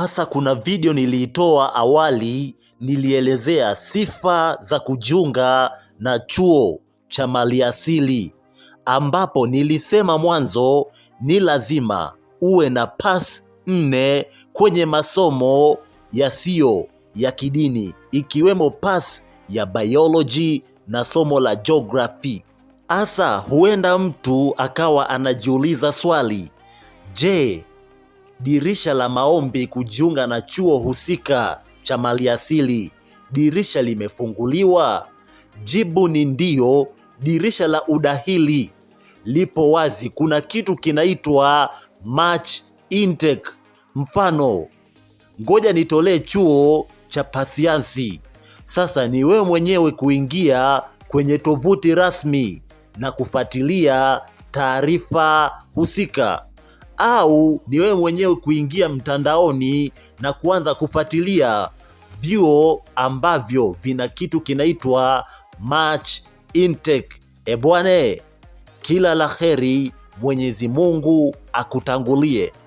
Hasa kuna video niliitoa awali, nilielezea sifa za kujiunga na chuo cha maliasili, ambapo nilisema mwanzo ni lazima uwe na pass nne kwenye masomo yasiyo ya kidini, ikiwemo pass ya biology na somo la geography. Hasa huenda mtu akawa anajiuliza swali, je, dirisha la maombi kujiunga na chuo husika cha maliasili, dirisha limefunguliwa? Jibu ni ndio. Dirisha la udahili lipo wazi. Kuna kitu kinaitwa match Intake. Mfano, ngoja nitolee chuo cha pasiansi. Sasa ni wewe mwenyewe kuingia kwenye tovuti rasmi na kufuatilia taarifa husika au ni wewe mwenyewe kuingia mtandaoni na kuanza kufuatilia vyuo ambavyo vina kitu kinaitwa match Intake. Ebwane, kila laheri Mwenyezi Mungu akutangulie.